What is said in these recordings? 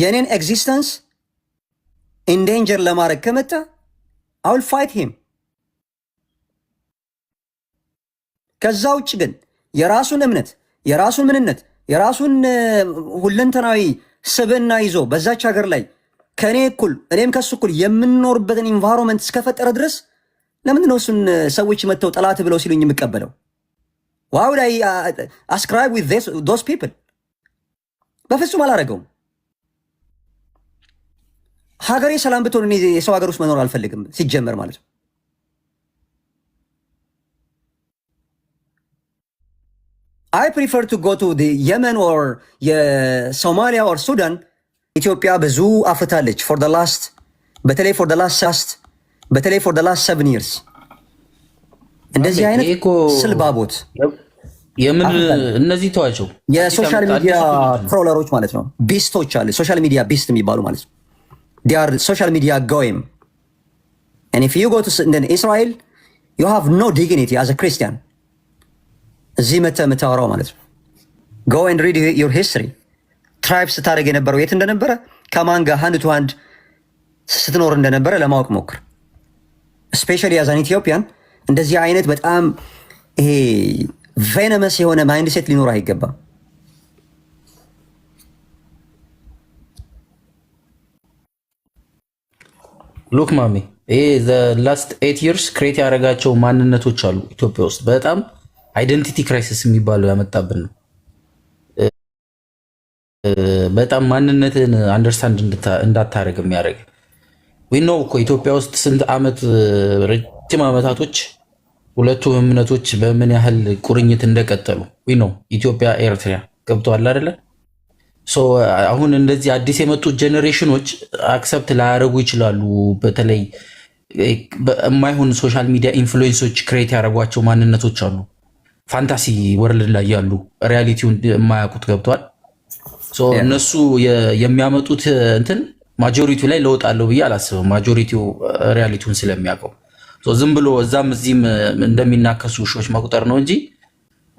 የእኔን ኤግዚስተንስ ኢንዴንጀር ለማድረግ ከመጣ አውል ፋይት ሂም። ከዛ ውጭ ግን የራሱን እምነት፣ የራሱን ምንነት፣ የራሱን ሁለንተናዊ ስብና ይዞ በዛች ሀገር ላይ ከእኔ እኩል እኔም ከሱ እኩል የምንኖርበትን ኢንቫይሮንመንት እስከፈጠረ ድረስ ለምንድን ነው እሱን ሰዎች መጥተው ጠላት ብለው ሲሉኝ የምቀበለው? ዋው ላይ አስክራይብ ዊዝ ዶስ ፒፕል በፍጹም አላደረገውም። ሀገሬ ሰላም ብትሆን እኔ የሰው ሀገር ውስጥ መኖር አልፈልግም፣ ሲጀመር ማለት ነው። አይ ፕሪፈር ቱ ጎ ቱ የመን ኦር የሶማሊያ ኦር ሱዳን። ኢትዮጵያ ብዙ አፍታለች ፎር ላስት በተለይ ፎር ላስት ሳስት በተለይ ፎር ላስት ሰቨን ይርስ እንደዚህ አይነት ስልባቦት የምን እነዚህ ተዋቸው የሶሻል ሚዲያ ትሮለሮች ማለት ነው። ቢስቶች አለ ሶሻል ሚዲያ ቢስት የሚባሉ ማለት ነው። ር ሶሻል ሚዲያ ጎይም ዩ ጎ እስራኤል ዩ ሃቭ ኖ ዲግኒቲ አዘ ክርስቲያን እዚህ መተ የምታወራው ማለት ነው። ጎ ኤንድ ሪድ ዩር ሂስትሪ ትራይብ ስታደርግ የነበረው የት እንደነበረ ከማን ጋር ሃንድ ቱ ሃንድ ስትኖር እንደነበረ ለማወቅ ሞክር። ስፔሻሊ ያዛን ኢትዮጵያን እንደዚህ አይነት በጣም ይሄ ቬነመስ የሆነ ማይንድሴት ሊኖር አይገባም። ሉክ ማሚ ይሄ ላስት ኤት ይርስ ክሬት ያደረጋቸው ማንነቶች አሉ ኢትዮጵያ ውስጥ በጣም አይደንቲቲ ክራይሲስ የሚባለው ያመጣብን ነው። በጣም ማንነትን አንደርስታንድ እንዳታደረግ የሚያደረግ ዊኖ እኮ ኢትዮጵያ ውስጥ ስንት ዓመት ረጅም ዓመታቶች ሁለቱ እምነቶች በምን ያህል ቁርኝት እንደቀጠሉ ዊኖ ኢትዮጵያ ኤርትሪያ ገብተዋል አደለን? Uh, አሁን እንደዚህ አዲስ የመጡት ጀኔሬሽኖች አክሰፕት ላያደረጉ ይችላሉ። በተለይ eh, የማይሆን ሶሻል ሚዲያ ኢንፍሉዌንሶች ክሬት ያደረጓቸው ማንነቶች አሉ። ፋንታሲ ወርልድ ላይ ያሉ ሪያሊቲውን የማያውቁት ገብቷል። እነሱ የሚያመጡት እንትን ማጆሪቲው ላይ ለውጥ አለው ብዬ አላስብም። ማጆሪቲው ሪያሊቲውን eh, ስለሚያውቀው ዝም ብሎ እዛም እዚህም eh, እንደሚናከሱ ውሾች መቁጠር ነው እንጂ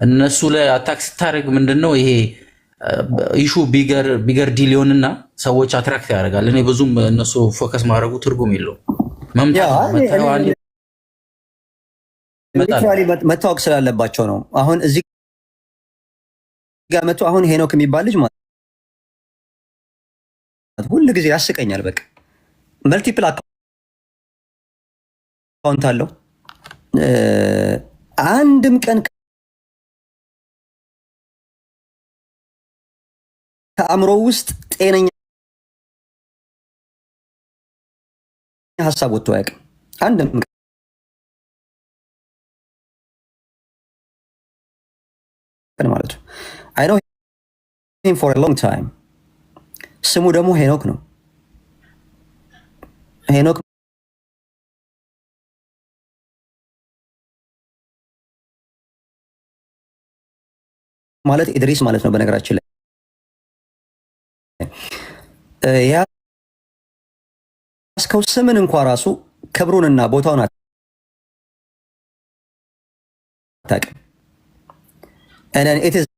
እነሱ ላይ አታክ ስታደርግ ምንድን ነው ይሄ ኢሹ ቢገር ዲል ይሆንና ሰዎች አትራክት ያደርጋል። እኔ ብዙም እነሱ ፎከስ ማድረጉ ትርጉም የለው። መታወቅ ስላለባቸው ነው። አሁን እዚህ ጋር መቶ አሁን ሄኖክ የሚባል ልጅ ማለት ሁሉ ጊዜ ያስቀኛል። በቃ መልቲፕል አካውንት አለው አንድም ቀን ከአእምሮው ውስጥ ጤነኛ ሀሳብ ወጥቶ አያውቅም። አንድም ቀን ማለት ነው። አይ ነው ፎር ሎንግ ታይም። ስሙ ደግሞ ሄኖክ ነው። ሄኖክ ማለት ኢድሪስ ማለት ነው በነገራችን ላይ ያስከው ስምን እንኳ ራሱ ክብሩንና ቦታውን አታውቅም።